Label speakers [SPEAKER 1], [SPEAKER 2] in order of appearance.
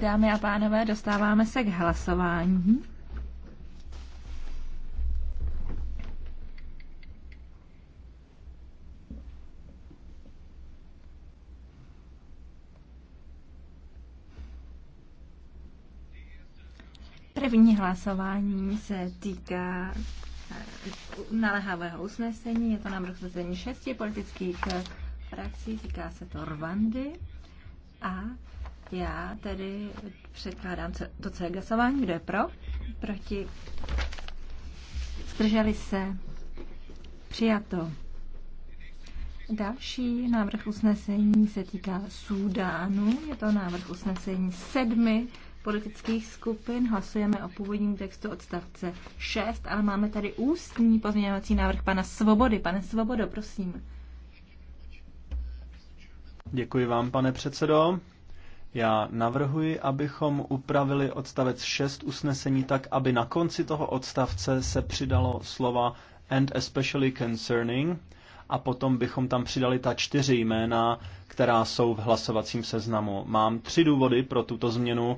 [SPEAKER 1] Dámy a pánové, dostáváme se k hlasování.
[SPEAKER 2] První hlasování se týká eh, naléhavého usnesení. Je to návrh usnesení šesti politických eh, frakcí, týká se to Rwandy. A já tedy předkládám to celé hlasování. Kdo je pro? Proti? Zdrželi se? Přijato. Další návrh usnesení se týká Súdánu. Je to návrh usnesení sedmi politických skupin. Hlasujeme o původním textu odstavce 6, ale máme tady ústní pozměňovací návrh pana Svobody. Pane Svobodo, prosím.
[SPEAKER 3] Děkuji vám, pane předsedo. Já navrhuji, abychom upravili odstavec 6 usnesení tak, aby na konci toho odstavce se přidalo slova and especially concerning a potom bychom tam přidali ta čtyři jména, která jsou v hlasovacím seznamu. Mám tři důvody pro tuto změnu.